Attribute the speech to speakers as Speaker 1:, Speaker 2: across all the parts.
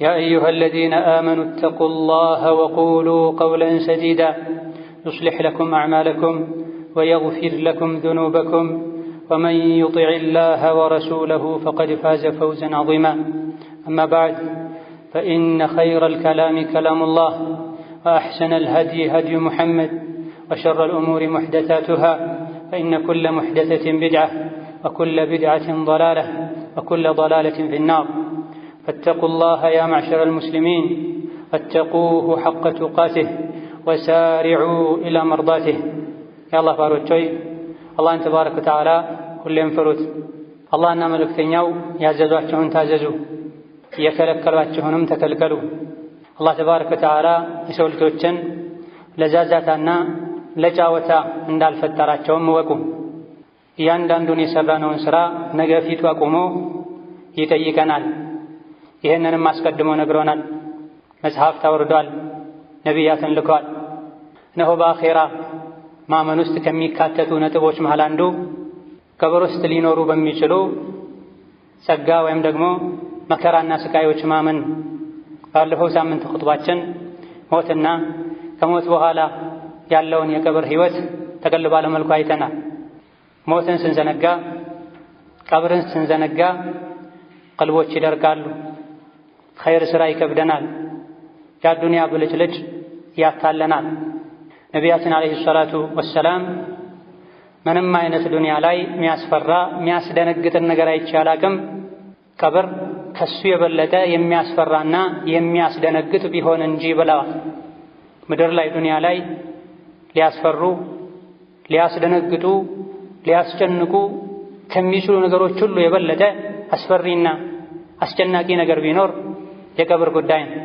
Speaker 1: يا أيها الذين آمنوا اتقوا الله وقولوا قولا سديدا يصلح لكم أعمالكم ويغفر لكم ذنوبكم ومن يطع الله ورسوله فقد فاز فوزا عظيما أما بعد فإن خير الكلام كلام الله وأحسن الهدي هدي محمد وشر الأمور محدثاتها فإن كل محدثة بدعة وكل بدعة ضلالة وكل ضلالة في النار فاتقوا الله يا معشر المسلمين اتقوه حق تقاته وسارعوا إلى مرضاته يا الله فاروت شوي الله أنت بارك وتعالى كل ينفرد الله أنا ملك ثنيو يعززوا أحجهم تعززوا يتلكلوا أحجهم تكلكلوا الله تبارك وتعالى يسول كوتشن لزازة أنا لجاوتا عند الفترة شوم وكم يان دان دوني سبانون سرا نغفيت وكمو يتيقنال ይህንንም አስቀድመው ነግሮናል። መጽሐፍ ታወርዷል፣ ነቢያትን ልኳል። እነሆ በአኼራ ማመን ውስጥ ከሚካተቱ ነጥቦች መሃል አንዱ ቀብር ውስጥ ሊኖሩ በሚችሉ ጸጋ ወይም ደግሞ መከራና ስቃዮች ማመን። ባለፈው ሳምንት ኹጥባችን ሞትና ከሞት በኋላ ያለውን የቀብር ህይወት ጠቅለል ባለ መልኩ አይተናል። ሞትን ስንዘነጋ፣ ቀብርን ስንዘነጋ ቀልቦች ይደርቃሉ። ኸይር ሥራ ይከብደናል። የአዱንያ ብልጭልጭ ያታለናል። ነቢያችን ዓለይሂ ሰላቱ ወሰላም ምንም አይነት ዱንያ ላይ የሚያስፈራ የሚያስደነግጥን ነገር አይቼ አላቅም፣ ቀብር ከሱ የበለጠ የሚያስፈራና የሚያስደነግጥ ቢሆን እንጂ ብለዋል። ምድር ላይ ዱንያ ላይ ሊያስፈሩ፣ ሊያስደነግጡ፣ ሊያስጨንቁ ከሚችሉ ነገሮች ሁሉ የበለጠ አስፈሪና አስጨናቂ ነገር ቢኖር የቀብር ጉዳይ ነው።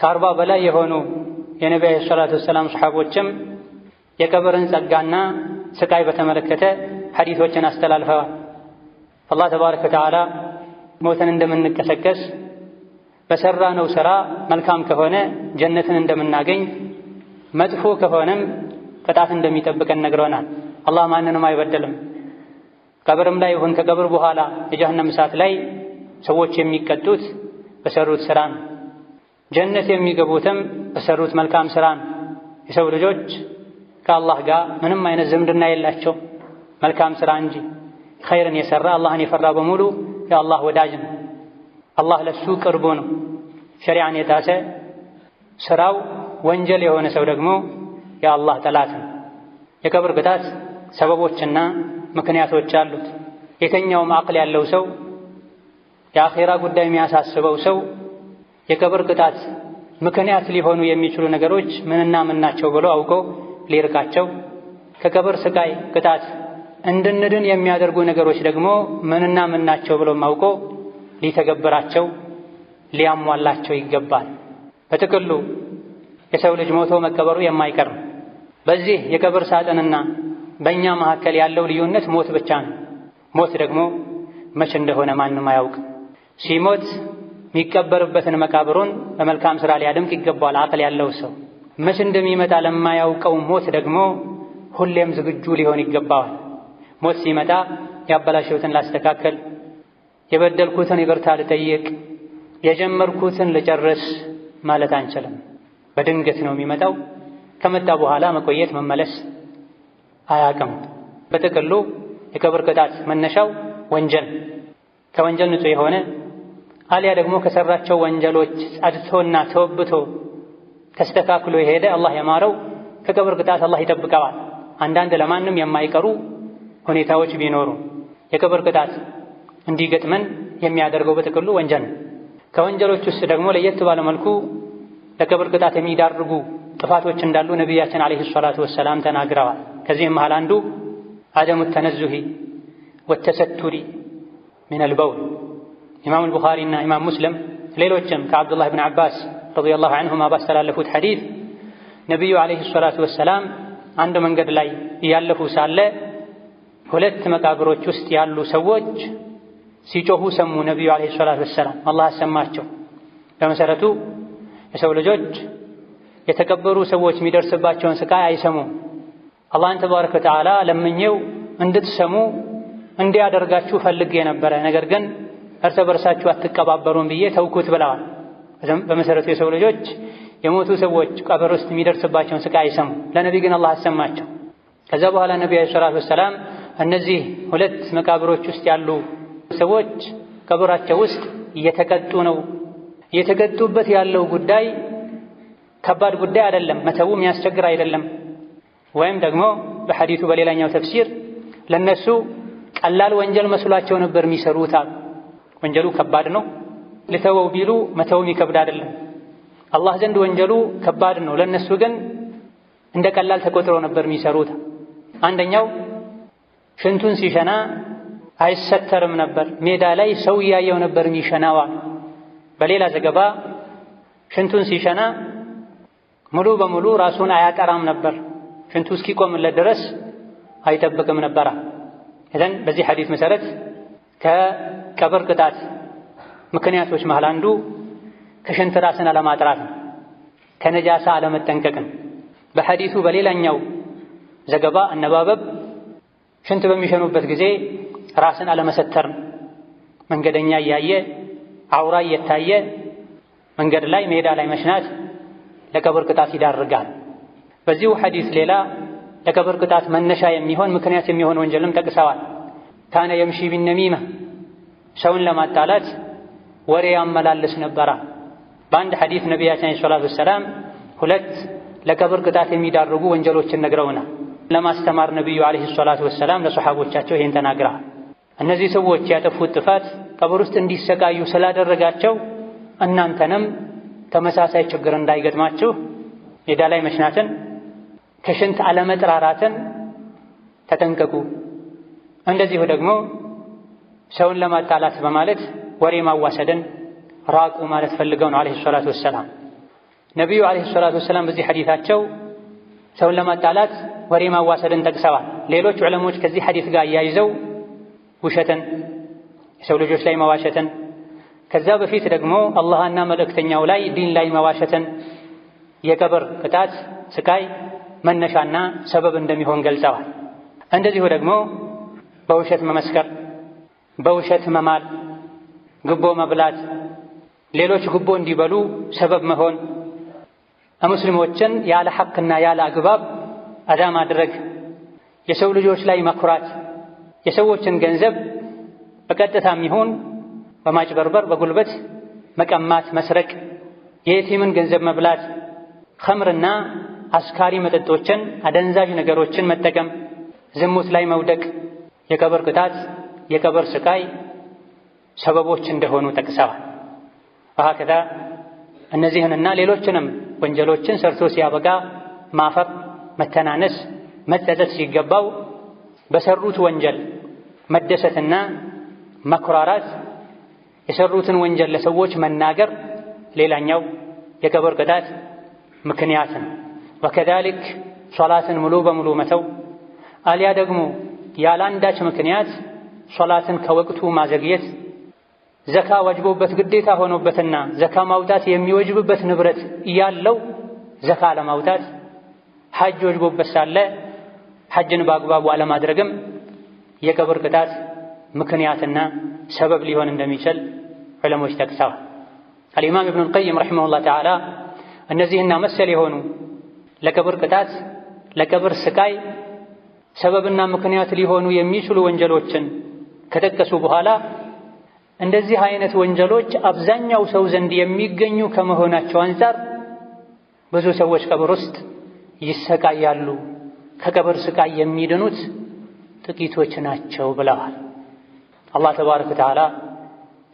Speaker 1: ከአርባ በላይ የሆኑ የነቢ ዐለይሂ ሰላቱ ወሰላም ሰሓቦችም የቀብርን ጸጋና ስቃይ በተመለከተ ሐዲቶችን አስተላልፈዋል። አላህ ተባረከ ወተዓላ ሞተን እንደምንቀሰቀስ ነው ሥራ መልካም ከሆነ ጀነትን እንደምናገኝ መጥፎ ከሆነም ቅጣት እንደሚጠብቀን ነግረናል። አላህ ማንንም አይበደልም። ቀብርም ላይ ይሁን ከቀብር በኋላ የጀሃነም እሳት ላይ ሰዎች የሚቀጡት በሰሩት ስራ ነው። ጀነት የሚገቡትም በሰሩት መልካም ስራ ነው። የሰው ልጆች ከአላህ ጋር ምንም አይነት ዝምድና የላቸው መልካም ስራ እንጂ ኸይርን የሠራ አላህን የፈራ በሙሉ የአላህ ወዳጅ ነው። አላህ ለሱ ቅርቡ ነው። ሸሪዓን የጣሰ ስራው ወንጀል የሆነ ሰው ደግሞ የአላህ ጠላት ነው። የቀብር ቅጣት ሰበቦችና ምክንያቶች አሉት። የተኛውም አቅል ያለው ሰው የአኼራ ጉዳይ የሚያሳስበው ሰው የቀብር ቅጣት ምክንያት ሊሆኑ የሚችሉ ነገሮች ምንና ምን ናቸው ብሎ አውቆ ሊርቃቸው፣ ከቀብር ስቃይ ቅጣት እንድንድን የሚያደርጉ ነገሮች ደግሞ ምንና ምን ናቸው ብሎም አውቆ ሊተገብራቸው፣ ሊያሟላቸው ይገባል። በጥቅሉ የሰው ልጅ ሞቶ መቀበሩ የማይቀርም በዚህ የቀብር ሳጥንና በእኛ መካከል ያለው ልዩነት ሞት ብቻ ነው። ሞት ደግሞ መቼ እንደሆነ ማንም አያውቅም። ሲሞት የሚቀበርበትን መቃብሩን በመልካም ስራ ሊያደምቅ ይገባዋል። አቅል ያለው ሰው መች እንደሚመጣ ለማያውቀው ሞት ደግሞ ሁሌም ዝግጁ ሊሆን ይገባዋል። ሞት ሲመጣ ያበላሸሁትን ላስተካከል፣ የበደልኩትን ይቅርታ ልጠይቅ፣ የጀመርኩትን ልጨርስ ማለት አንችልም። በድንገት ነው የሚመጣው። ከመጣ በኋላ መቆየት መመለስ አያቅም። በጥቅሉ የቀብር ቅጣት መነሻው ወንጀል ከወንጀል ንጹ የሆነ አሊያ ደግሞ ከሰራቸው ወንጀሎች ጸድቶና ተወብቶ ተስተካክሎ የሄደ አላህ ያማረው ከቀብር ቅጣት አላህ ይጠብቀዋል። አንዳንድ ለማንም የማይቀሩ ሁኔታዎች ቢኖሩ የቀብር ቅጣት እንዲገጥመን የሚያደርገው በጥቅሉ ወንጀል ነው። ከወንጀሎች ውስጥ ደግሞ ለየት ባለ መልኩ ለቀብር ቅጣት የሚዳርጉ ጥፋቶች እንዳሉ ነቢያችን ዓለይሂ ሰላቱ ወሰላም ተናግረዋል። ከዚህም መሃል አንዱ አደሙ ተነዙሂ ወተሰቱሪ ሚነል በውል ኢማም አልቡኻሪና ኢማም ሙስሊም ሌሎችም ከአብዱላህ ብን አባስ ረዲየላሁ ዐንሁማ ባስተላለፉት ሐዲስ ነቢዩ ዓለይሂ ሰላቱ ወሰላም አንድ መንገድ ላይ እያለፉ ሳለ ሁለት መቃብሮች ውስጥ ያሉ ሰዎች ሲጮሁ ሰሙ። ነቢዩ ዓለይሂ ሰላቱ ወሰላም አላህ አሰማቸው። በመሰረቱ የሰው ልጆች የተቀበሩ ሰዎች የሚደርስባቸውን ስቃይ አይሰሙም። አላህን ተባረከ ወተዓላ ለምኘው እንድትሰሙ እንዲያደርጋችሁ ፈልጌ ነበረ ነገር ግን እርስ በርሳችሁ አትቀባበሩም ብዬ ተውኩት ብለዋል። በመሰረቱ የሰው ልጆች የሞቱ ሰዎች ቀብር ውስጥ የሚደርስባቸውን ስቃይ አይሰሙ። ለነቢ ግን አላህ አሰማቸው። ከዛ በኋላ ነቢ ዓለይሂ ሰላቱ ወሰላም እነዚህ ሁለት መቃብሮች ውስጥ ያሉ ሰዎች ቀብራቸው ውስጥ እየተቀጡ ነው። እየተቀጡበት ያለው ጉዳይ ከባድ ጉዳይ አይደለም፣ መተው የሚያስቸግር አይደለም። ወይም ደግሞ በሐዲቱ በሌላኛው ተፍሲር ለነሱ ቀላል ወንጀል መስሏቸው ነበር የሚሰሩት አሉ። ወንጀሉ ከባድ ነው። ልተወው ቢሉ መተውም ይከብድ አይደለም። አላህ ዘንድ ወንጀሉ ከባድ ነው። ለእነሱ ግን እንደ ቀላል ተቆጥሮ ነበር የሚሰሩት። አንደኛው ሽንቱን ሲሸና አይሰተርም ነበር፣ ሜዳ ላይ ሰው እያየው ነበር የሚሸናዋ። በሌላ ዘገባ ሽንቱን ሲሸና ሙሉ በሙሉ ራሱን አያጠራም ነበር፣ ሽንቱ እስኪቆምለት ድረስ አይጠብቅም ነበራ። እዘን በዚህ ሐዲስ መሰረት ከቀብር ቅጣት ምክንያቶች መሃል አንዱ ከሽንት ራስን አለማጥራት ነው፣ ከነጃሳ ነው። በሐዲሱ በሌላኛው ዘገባ አነባበብ ሽንት በሚሸኑበት ጊዜ ራስን አለመሰተር ነው። መንገደኛ እያየ አውራ እየታየ መንገድ ላይ ሜዳ ላይ መሽናት ለቀብር ቅጣት ይዳርጋል። በዚሁ ሐዲስ ሌላ ለቀብር ቅጣት መነሻ የሚሆን ምክንያት የሚሆን ወንጀልም ጠቅሰዋል። ካነ የምሺ ቢነሚማ ሰውን ለማጣላት ወሬ ያመላለስ ነበራ። በአንድ ሐዲስ ነቢያችን ዓለይሂ ሰላቱ ወሰላም ሁለት ለቀብር ቅጣት የሚዳርጉ ወንጀሎችን ነግረውናል። ለማስተማር ነቢዩ ዓለይሂ ሰላቱ ወሰላም ለሶሐቦቻቸው ይሄን ተናግረዋል። እነዚህ ሰዎች ያጠፉት ጥፋት ቀብር ውስጥ እንዲሰቃዩ ስላደረጋቸው እናንተንም ተመሳሳይ ችግር እንዳይገጥማችሁ ሜዳ ላይ መሽናትን፣ ከሽንት አለመጥራራትን ተጠንቀቁ። እንደዚሁ ደግሞ ሰውን ለማጣላት በማለት ወሬ ማዋሰድን ራቁ ማለት ፈልገው ነው አለይሂ ሰላቱ ወሰላም። ነቢዩ አለይሂ ሰላቱ ወሰላም በዚህ ሐዲታቸው ሰውን ለማጣላት ወሬ ማዋሰድን ጠቅሰዋል። ሌሎች ዑለሞች ከዚህ ሐዲት ጋር አያይዘው ውሸትን፣ የሰው ልጆች ላይ መዋሸትን፣ ከዛ በፊት ደግሞ አላህና መልእክተኛው ላይ ዲን ላይ መዋሸትን የቀብር ቅጣት ስቃይ መነሻና ሰበብ እንደሚሆን ገልጸዋል። እንደዚሁ ደግሞ በውሸት መመስከር፣ በውሸት መማል፣ ጉቦ መብላት፣ ሌሎች ጉቦ እንዲበሉ ሰበብ መሆን፣ ሙስሊሞችን ያለ ሐቅና ያለ አግባብ አዳ ማድረግ፣ የሰው ልጆች ላይ መኩራት፣ የሰዎችን ገንዘብ በቀጥታም ይሁን በማጭበርበር በጉልበት መቀማት፣ መስረቅ፣ የየቲምን ገንዘብ መብላት፣ ኸምርና አስካሪ መጠጦችን አደንዛዥ ነገሮችን መጠቀም፣ ዝሙት ላይ መውደቅ የቀብር ቅጣት፣ የቀብር ስቃይ ሰበቦች እንደሆኑ ጠቅሰዋል። በሀከዛ እነዚህንና ሌሎችንም ወንጀሎችን ሰርቶ ሲያበቃ ማፈር፣ መተናነስ፣ መጸጸት ሲገባው በሰሩት ወንጀል መደሰትና መኩራራት፣ የሰሩትን ወንጀል ለሰዎች መናገር ሌላኛው የቀብር ቅጣት ምክንያት ነው። ወከዛሊክ ሶላትን ሙሉ በሙሉ መተው አልያ ደግሞ ያለ አንዳች ምክንያት ሶላትን ከወቅቱ ማዘግየት ዘካ ወጅቦበት ግዴታ ሆኖበትና ዘካ ማውጣት የሚወጅብበት ንብረት እያለው ዘካ ለማውጣት ሐጅ ወጅቦበት ሳለ ሐጅን በአግባቡ አለማድረግም የቀብር ቅጣት ምክንያትና ሰበብ ሊሆን እንደሚችል ዑለሞች ጠቅሰዋል። አልኢማም ኢብኑል ቀይም ረሒመሁላህ ተዓላ እነዚህና መሰል የሆኑ ለቀብር ቅጣት ለቀብር ስቃይ ሰበብና ምክንያት ሊሆኑ የሚችሉ ወንጀሎችን ከጠቀሱ በኋላ እንደዚህ አይነት ወንጀሎች አብዛኛው ሰው ዘንድ የሚገኙ ከመሆናቸው አንጻር ብዙ ሰዎች ቀብር ውስጥ ይሰቃያሉ፣ ከቀብር ስቃይ የሚድኑት ጥቂቶች ናቸው ብለዋል። አላህ ተባረከ ወተዓላ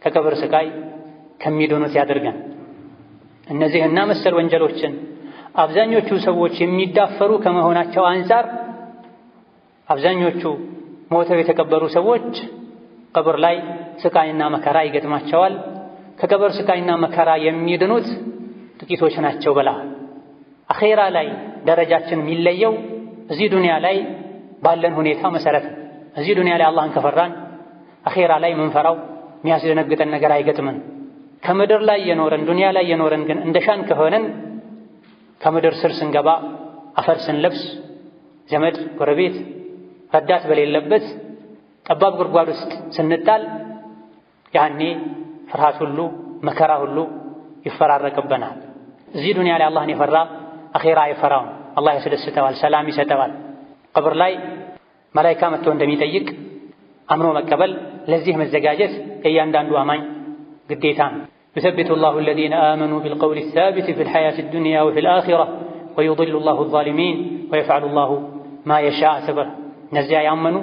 Speaker 1: ከቀብር ስቃይ ከሚድኑት ያደርገን። እነዚህና መሰል ወንጀሎችን አብዛኞቹ ሰዎች የሚዳፈሩ ከመሆናቸው አንጻር አብዛኞቹ ሞተው የተቀበሩ ሰዎች ቀብር ላይ ስቃይና መከራ ይገጥማቸዋል። ከቀብር ስቃይና መከራ የሚድኑት ጥቂቶች ናቸው ብላ። አኼራ ላይ ደረጃችን የሚለየው እዚህ ዱንያ ላይ ባለን ሁኔታ መሰረት ነው። እዚህ ዱንያ ላይ አላህን ከፈራን አኼራ ላይ ምንፈራው የሚያስደነግጠን ነገር አይገጥምን። ከምድር ላይ የኖረን ዱንያ ላይ የኖረን ግን እንደሻን ከሆነን ከምድር ስር ስንገባ አፈር ስንለብስ ዘመድ ጎረቤት ረዳት በሌለበት ጠባብ ጉድጓድ ውስጥ ስንጣል ያኔ ፍርሃት ሁሉ መከራ ሁሉ ይፈራረቅብናል። እዚህ ዱንያ ላይ አላህን የፈራ አኼራ አይፈራውም። አላህ ያስደስተዋል፣ ሰላም ይሰጠዋል። ቅብር ላይ መላይካ መጥቶ እንደሚጠይቅ አምኖ መቀበል ለዚህ መዘጋጀት የእያንዳንዱ አማኝ ግዴታ ነው። ዩሰቢቱ ላሁ አለዚነ አመኑ ቢልቀውል ሳቢት ፊል ሐያት ዱንያ ወፊል አኺራ ወዩድሉ ላሁ ዛሊሚን ወየፍዓሉ ላሁ ማ የሻእ ተበር እነዚያ ያመኑ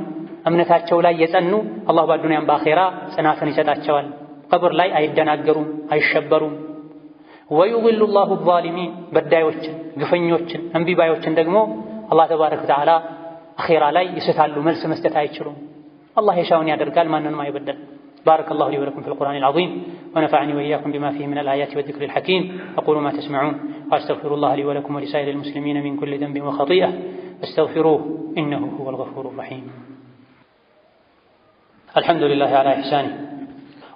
Speaker 1: እምነታቸው ላይ የጸኑ አላህ በአዱንያም በአኼራ ጽናትን ይሰጣቸዋል። ቀብር ላይ አይደናገሩም፣ አይሸበሩም። ወዩዝሉ ላሁ ዛሊሚን በዳዮችን፣ ግፈኞችን፣ እምቢባዮችን ደግሞ አላህ ተባረከ ወተዓላ አኼራ ላይ ይስታሉ፣ መልስ መስጠት አይችሉም። አላህ የሻውን ያደርጋል፣ ማንንም አይበደል። بارك الله لي ولكم في القرآن العظيم ونفعني وإياكم بما فيه من الآيات والذكر الحكيم أقول ما تسمعون وأستغفر الله لي ولكم ولسائر المسلمين من كل ذنب وخطيئة فاستغفروه إنه هو الغفور الرحيم الحمد لله على إحسانه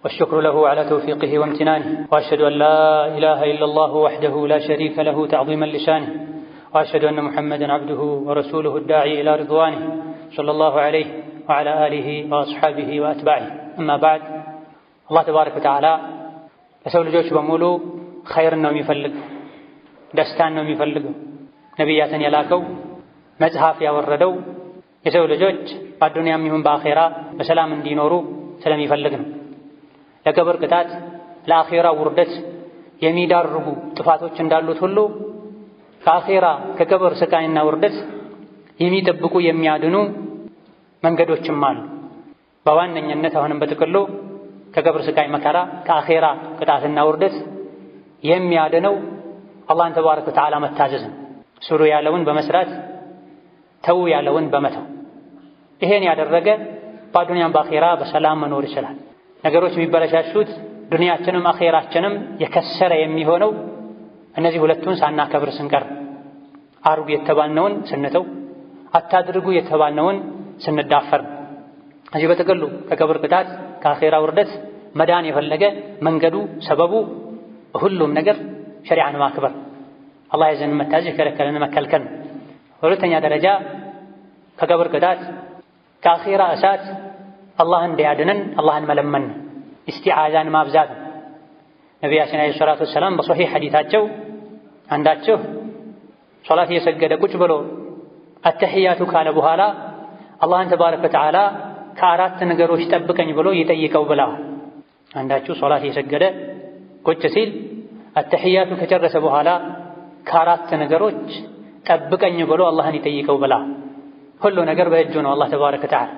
Speaker 1: والشكر له على توفيقه وامتنانه وأشهد أن لا إله إلا الله وحده لا شريك له تعظيما لشانه وأشهد أن محمدا عبده ورسوله الداعي إلى رضوانه صلى الله عليه وعلى آله وأصحابه وأتباعه أما بعد الله تبارك وتعالى ለሰው جوش بمولو خير النوم يفلق دستان النوم يفلق نبياتا يلاكو መጽሐፍ ያወረደው የሰው ልጆች በአዱንያም ይሁን በአኼራ በሰላም እንዲኖሩ ስለሚፈልግ ነው። ለቀብር ቅጣት፣ ለአኼራ ውርደት የሚዳርጉ ጥፋቶች እንዳሉት ሁሉ ከአኼራ ከቀብር ስቃይና ውርደት የሚጠብቁ የሚያድኑ መንገዶችም አሉ። በዋነኝነት አሁንም በጥቅሉ ከቀብር ስቃይ መከራ፣ ከአኼራ ቅጣትና ውርደት የሚያድነው አላህን ተባረከ ወተዓላ መታዘዝ ነው። እሱ ያለውን በመስራት ተው ያለውን በመተው ይሄን ያደረገ በአዱንያም በአኼራ በሰላም መኖር ይችላል። ነገሮች የሚበለሻሹት ዱንያችንም አኼራችንም የከሰረ የሚሆነው እነዚህ ሁለቱን ሳናከብር ስንቀር፣ አርጉ የተባልነውን ስንተው፣ አታድርጉ የተባልነውን ስንዳፈር። እዚህ በጥቅሉ ከቀብር ቅጣት ከአኼራ ውርደት መዳን የፈለገ መንገዱ ሰበቡ ሁሉም ነገር ሸሪዓን ማክበር አላህ ያዘን መታዘዝ የከለከለን መከልከል በሁለተኛ ደረጃ ከቀብር ቅጣት ከአኼራ እሳት አላህ እንዲያድነን አላህን መለመን ኢስቲዓዛን ማብዛት ነብያችን ነቢያችን ዓለይሂ ሰላቱ ወሰላም በሶሒሕ ሐዲታቸው አንዳችሁ ሶላት እየሰገደ ቁጭ ብሎ አተሕያቱ ካለ በኋላ አላህን ተባረከ ወተዓላ ከአራት ነገሮች ጠብቀኝ ብሎ ይጠይቀው ብለዋል። አንዳችሁ ሶላት እየሰገደ ቁጭ ሲል አተሕያቱ ከጨረሰ በኋላ ከአራት ነገሮች ጠብቀኝ ብሎ አላህን ይጠይቀው ብላ ሁሉ ነገር በእጁ ነው። አላህ ተባረከ ወተዓላ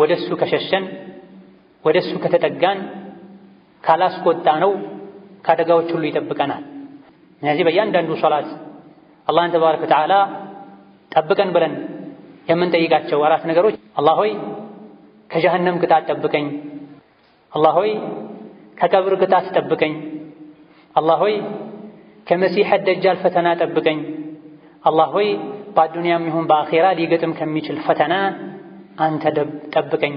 Speaker 1: ወደሱ ከሸሸን ወደሱ ከተጠጋን ካላስቆጣ ነው ከአደጋዎች ሁሉ ይጠብቀናል። እነዚህ በእያንዳንዱ ሶላት አላህን ተባረከ ወተዓላ ጠብቀን ብለን የምንጠይቃቸው አራት ነገሮች አላህ ሆይ ከጀሀነም ቅጣት ጠብቀኝ፣ አላህ ሆይ ከቀብር ቅጣት ጠብቀኝ፣ አላህ ሆይ ከመሲሐ ደጃል ፈተና ጠብቀኝ አላህ ሆይ በአዱንያም ይሁን በአኼራ ሊገጥም ከሚችል ፈተና አንተ ጠብቀኝ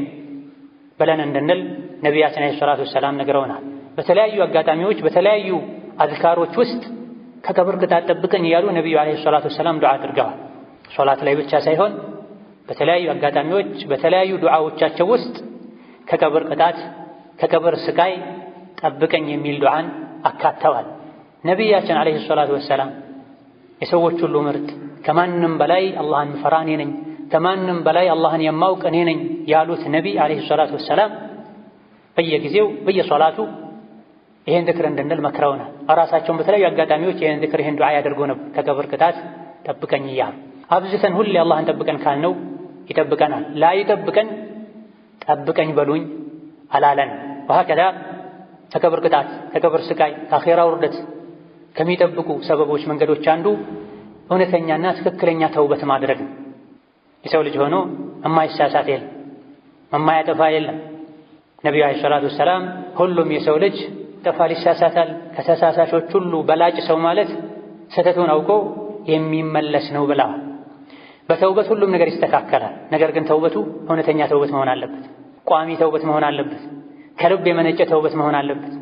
Speaker 1: ብለን እንድንል ነቢያችን ዓለይሂ ሰላቱ ወሰላም ነግረውናል። በተለያዩ አጋጣሚዎች በተለያዩ አዝካሮች ውስጥ ከቀብር ቅጣት ጠብቀኝ እያሉ ነቢዩ ዓለይሂ ሰላቱ ወሰላም ዱዓ አድርገዋል። ሶላት ላይ ብቻ ሳይሆን በተለያዩ አጋጣሚዎች በተለያዩ ዱዓዎቻቸው ውስጥ ከቀብር ቅጣት ከቀብር ስቃይ ጠብቀኝ የሚል ዱዓን አካተዋል። ነቢያችን ዓለይሂ ሰላቱ ወሰላም የሰዎች ሁሉ ምርት ከማንም በላይ አላህን ምፈራ እኔ ነኝ፣ ከማንም በላይ አላህን የማውቅ እኔ ነኝ ያሉት ነቢይ ዓለይሂ ሰላቱ ወሰላም በየጊዜው በየሶላቱ ይሄን ዝክር እንድንል መክረውናል። ራሳቸውን በተለያዩ አጋጣሚዎች ይሄን ዝክር ይሄን ዱዓ ያደርጉ ነበር፣ ከቀብር ቅጣት ጠብቀኝ እያሉ አብዝተን ሁሌ አላህን ጠብቀን ካልነው ይጠብቀናል። ላይጠብቀን ጠብቀኝ በሉኝ አላለን። ወሀከዛ ከቀብር ቅጣት ከቀብር ስቃይ ከአኼራ ውርደት ከሚጠብቁ ሰበቦች መንገዶች አንዱ እውነተኛና ትክክለኛ ተውበት ማድረግ ነው። የሰው ልጅ ሆኖ የማይሳሳት የለም፣ የማያጠፋ የለም። ነቢዩ ዓለይሂ ሰላቱ ወሰላም ሁሉም የሰው ልጅ ይጠፋል፣ ይሳሳታል። ከተሳሳሾች ሁሉ በላጭ ሰው ማለት ስህተቱን አውቆ የሚመለስ ነው ብላ። በተውበት ሁሉም ነገር ይስተካከላል። ነገር ግን ተውበቱ እውነተኛ ተውበት መሆን አለበት። ቋሚ ተውበት መሆን አለበት። ከልብ የመነጨ ተውበት መሆን አለበት።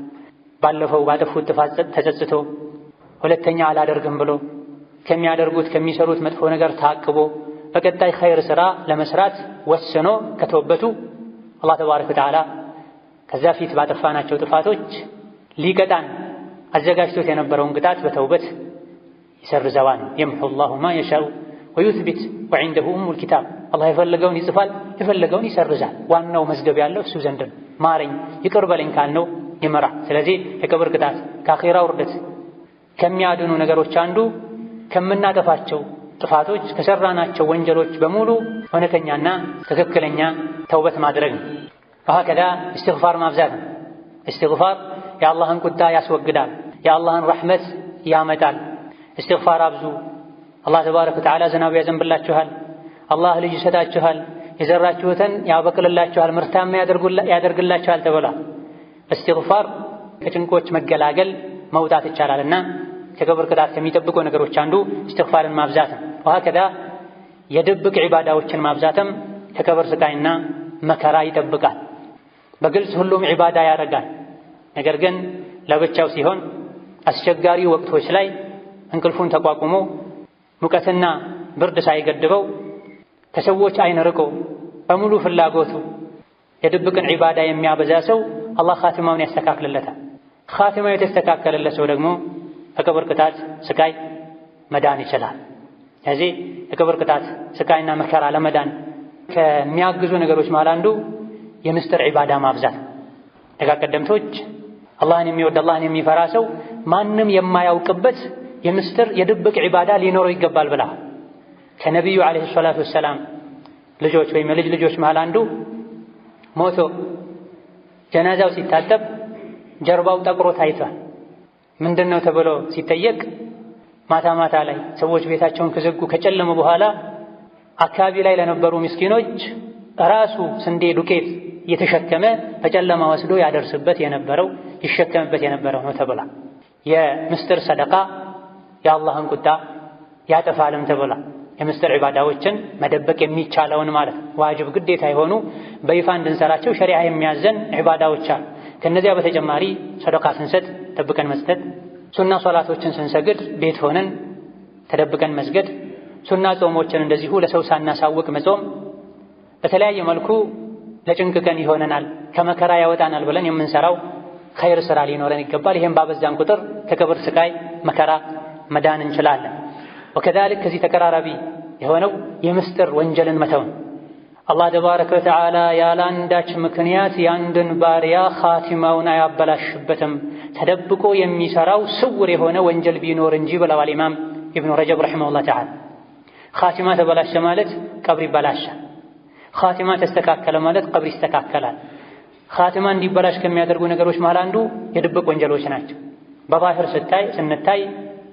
Speaker 1: ባለፈው ባጠፉት ጥፋት ተጸጽቶ ሁለተኛ አላደርግም ብሎ ከሚያደርጉት ከሚሰሩት መጥፎ ነገር ታቅቦ በቀጣይ ኸይር ሥራ ለመስራት ወስኖ ከተውበቱ አላህ ተባረከ ወተዓላ ከዛ ፊት ባጠፋናቸው ጥፋቶች ሊቀጣን አዘጋጅቶት የነበረውን ቅጣት በተውበት ይሰርዘዋል። የምሑ ላሁ ማ የሻኡ ወዩትቢት ወዒንደሁ ኡሙል ኪታብ አላህ የፈለገውን ይጽፋል፣ የፈለገውን ይሰርዛል። ዋናው መዝገብ ያለው እሱ ዘንድ ነው። ማረኝ ይቅር በለኝ ካልነው ይመራ። ስለዚህ የቀብር ቅጣት ከአኼራ ውርደት ከሚያድኑ ነገሮች አንዱ ከምናጠፋቸው ጥፋቶች ከሰራናቸው ወንጀሎች በሙሉ እውነተኛና ትክክለኛ ተውበት ማድረግ ነው። ከዳ እስትግፋር ማብዛት ነው። እስትግፋር የአላህን ቁጣ ያስወግዳል፣ የአላህን ረሕመት ያመጣል። እስትግፋር አብዙ። አላህ ተባረከ ወተዓላ ዝናብ ያዘንብላችኋል። አላህ ልጅ ይሰጣችኋል፣ የዘራችሁትን ያበቅልላችኋል፣ ምርታማ ያደርግላችኋል ተብሏል። እስትግፋር ከጭንቆች መገላገል መውጣት ይቻላልና ከቀብር ቅጣት ከሚጠብቁ ነገሮች አንዱ እስትግፋርን ማብዛት ነው። ወሀከዛ የድብቅ ዒባዳዎችን ማብዛትም ከቀብር ስቃይና መከራ ይጠብቃል። በግልጽ ሁሉም ዒባዳ ያደርጋል። ነገር ግን ለብቻው ሲሆን አስቸጋሪ ወቅቶች ላይ እንቅልፉን ተቋቁሞ ሙቀትና ብርድ ሳይገድበው ከሰዎች አይን ርቆ በሙሉ ፍላጎቱ የድብቅን ዒባዳ የሚያበዛ ሰው አላህ ኻቲማውን ያስተካክልለታል። ኻቲማው የተስተካከለለት ሰው ደግሞ ከቀብር ቅጣት ስቃይ መዳን ይችላል። ስለዚህ ከቀብር ቅጣት ስቃይና መከራ ለመዳን ከሚያግዙ ነገሮች መሃል አንዱ የምስጢር ዒባዳ ማብዛት። ደጋ ቀደምቶች አላህን የሚወድ አላህን የሚፈራ ሰው ማንም የማያውቅበት የምስጢር የድብቅ ዒባዳ ሊኖረው ይገባል ብላ ከነቢዩ ዓለይሂ ሰላቱ ወሰላም ልጆች ወይም የልጅ ልጆች መሃል አንዱ ሞቶ ጀናዛው ሲታጠብ ጀርባው ጠቁሮ ታይቷል። ምንድን ነው ተብሎ ሲጠየቅ ማታ ማታ ላይ ሰዎች ቤታቸውን ከዘጉ ከጨለሙ በኋላ አካባቢ ላይ ለነበሩ ምስኪኖች ራሱ ስንዴ ዱቄት እየተሸከመ በጨለማ ወስዶ ያደርስበት የነበረው ይሸከምበት የነበረው ነው ተብላ። የምስጢር ሰደቃ የአላህን ቁጣ ያጠፋልም ተብላ። የምስጢር ዒባዳዎችን መደበቅ የሚቻለውን ማለት ዋጅብ ግዴታ የሆኑ በይፋ እንድንሰራቸው ሸሪዓ የሚያዘን ዒባዳዎች አሉ። ከእነዚያ በተጨማሪ ሰደቃ ስንሰጥ ተደብቀን መስጠት፣ ሱና ሶላቶችን ስንሰግድ ቤት ሆነን ተደብቀን መስገድ፣ ሱና ጾሞችን እንደዚሁ ለሰው ሳናሳውቅ መጾም፣ በተለያየ መልኩ ለጭንቅ ቀን ይሆነናል፣ ከመከራ ያወጣናል ብለን የምንሰራው ኸይር ስራ ሊኖረን ይገባል። ይህም ባበዛን ቁጥር ከቀብር ስቃይ መከራ መዳን እንችላለን። ወከዛልክ ከዚህ ተቀራራቢ የሆነው የምስጢር ወንጀልን መተውን አላህ ተባረከ ወተዓላ ያላንዳች ምክንያት የአንድን ባሪያ ኻቲማውን አያበላሽበትም ተደብቆ የሚሰራው ስውር የሆነ ወንጀል ቢኖር እንጂ ብለዋል ኢማም ኢብኑ ረጀብ ረሒመሁላህ ተዓላ። ኻቲማ ተበላሸ ማለት ቀብር ይበላሻል። ኻቲማ ተስተካከለ ማለት ቀብር ይስተካከላል። ኻቲማ እንዲበላሽ ከሚያደርጉ ነገሮች መሃል አንዱ የድብቅ ወንጀሎች ናቸው። በባህር ስታይ ስንታይ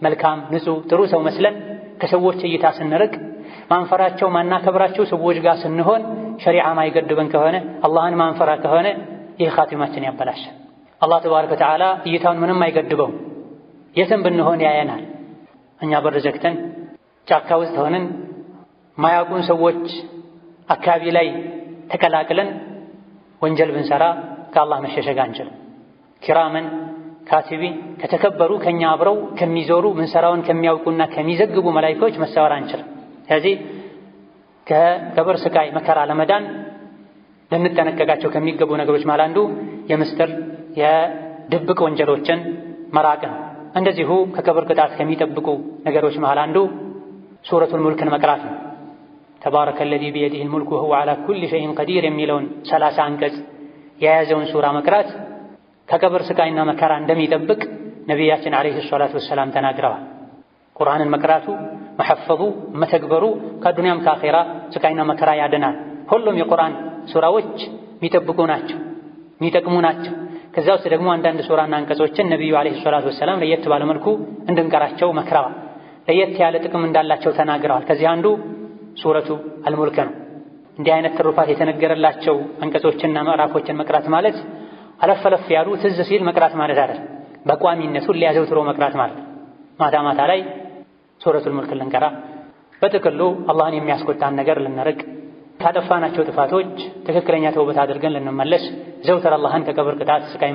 Speaker 1: መልካም ንጹሕ ጥሩ ሰው መስለን ከሰዎች እይታ ስንርቅ ማንፈራቸው ማናከብራቸው ሰዎች ጋር ስንሆን ሸሪዓ ማይገድበን ከሆነ አላህን ማንፈራ ከሆነ ይህ ኻቲማችን ያበላሻል። አላህ ተባረከ ወተዓላ እይታውን ምንም አይገድበው፣ የትም ብንሆን ያየናል። እኛ በር ዘግተን ጫካ ውስጥ ሆነን ማያውቁን ሰዎች አካባቢ ላይ ተቀላቅለን ወንጀል ብንሰራ ከአላህ መሸሸግ አንችልም። ኪራመን ካቲቢ ከተከበሩ ከኛ አብረው ከሚዞሩ ምንሰራውን ከሚያውቁና ከሚዘግቡ መላይኮች መሰወር አንችልም። ስለዚህ ከቀብር ስቃይ መከራ ለመዳን ልንጠነቀቃቸው ከሚገቡ ነገሮች መሃል አንዱ የምስጢር የድብቅ ወንጀሎችን መራቅ ነው። እንደዚሁ ከቀብር ቅጣት ከሚጠብቁ ነገሮች መሃል አንዱ ሱረቱን ሙልክን መቅራት ነው። ተባረከ ለዚ ቢየዲህ ሙልኩ ወሁወ ዓላ ኩል ሸይን ቀዲር የሚለውን ሰላሳ አንቀጽ የያዘውን ሱራ መቅራት ከቀብር ስቃይና መከራ እንደሚጠብቅ ነቢያችን ዓለይሂ ሰላቱ ወሰላም ተናግረዋል። ቁርአንን መቅራቱ መሐፈዙ መተግበሩ ከዱንያም ከአኼራ ስቃይና መከራ ያደናል። ሁሉም የቁርአን ሱራዎች የሚጠብቁ ናቸው፣ የሚጠቅሙ ናቸው። ከዛ ውስጥ ደግሞ አንዳንድ ሱራና አንቀጾችን ነቢዩ ዓለይሂ ሰላቱ ወሰላም ለየት ባለመልኩ እንድንቀራቸው መክረዋል። ለየት ያለ ጥቅም እንዳላቸው ተናግረዋል። ከዚህ አንዱ ሱረቱ አልሙልክ ነው። እንዲህ አይነት ትሩፋት የተነገረላቸው አንቀጾችና ምዕራፎችን መቅራት ማለት አለፈለፍ ያሉ ትዝ ሲል መቅራት ማለት አይደል፣ በቋሚነቱ ሊያዘውትሮ መቅራት ማለት ማታ ማታ ላይ سورة الملك الله ሱረቱል ሙልክ ልንቀራ በጥቅሉ አላህን የሚያስቆጣን ነገር ልንርቅ ካጠፋናቸው ጥፋቶች ትክክለኛ ተውበት አድርገን الله ዘውተር አላህን ከቀብር ቅጣት፣ ስቃይ፣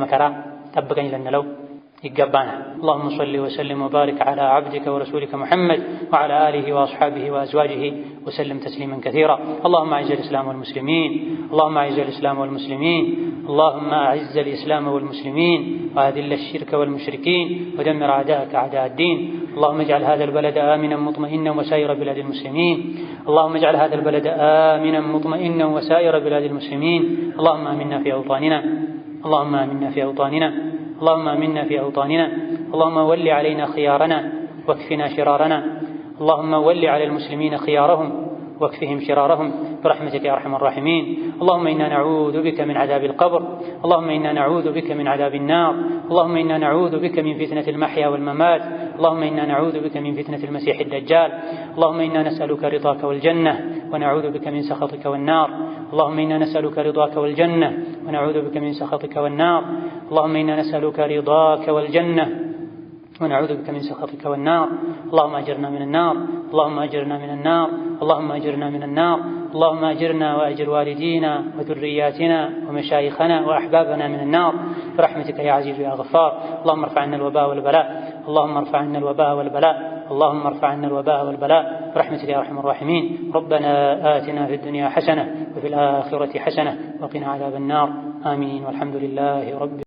Speaker 1: تبقي لنا لو يقبانا اللهم صل وسلم وبارك على عبدك ورسولك محمد وعلى آله وأصحابه وأزواجه وسلم تسليما كثيرا اللهم أعز الإسلام والمسلمين اللهم أعز الإسلام والمسلمين اللهم أعز الإسلام والمسلمين وأذل الشرك والمشركين ودمر أعداءك أعداء الدين اللهم اجعل هذا البلد آمنا مطمئنا وسائر بلاد المسلمين اللهم اجعل هذا البلد آمنا مطمئنا وسائر بلاد المسلمين اللهم آمنا في أوطاننا اللهم آمنا في أوطاننا اللهم آمنا في أوطاننا اللهم ول علينا خيارنا واكفنا شرارنا اللهم ول على المسلمين خيارهم واكفهم شرارهم برحمتك يا ارحم الراحمين اللهم انا نعوذ بك من عذاب القبر اللهم انا نعوذ بك من عذاب النار اللهم انا نعوذ بك من فتنه المحيا والممات اللهم إنا نعوذ بك من فتنة المسيح الدجال اللهم إنا نسألك رضاك والجنة ونعوذ بك من سخطك والنار اللهم إنا نسألك رضاك والجنة ونعوذ بك من سخطك والنار اللهم إنا نسألك رضاك والجنة ونعوذ بك من سخطك والنار اللهم أجرنا من النار اللهم أجرنا من النار اللهم أجرنا من النار اللهم أجرنا وأجر والدينا وذرياتنا ومشايخنا وأحبابنا من النار برحمتك يا عزيز يا غفار اللهم ارفع عنا الوباء والبلاء اللهم ارفع عنا الوباء والبلاء اللهم ارفع عنا الوباء والبلاء برحمتك يا ارحم الراحمين ربنا آتنا في الدنيا حسنة وفي الآخرة حسنة وقنا عذاب النار آمين والحمد لله رب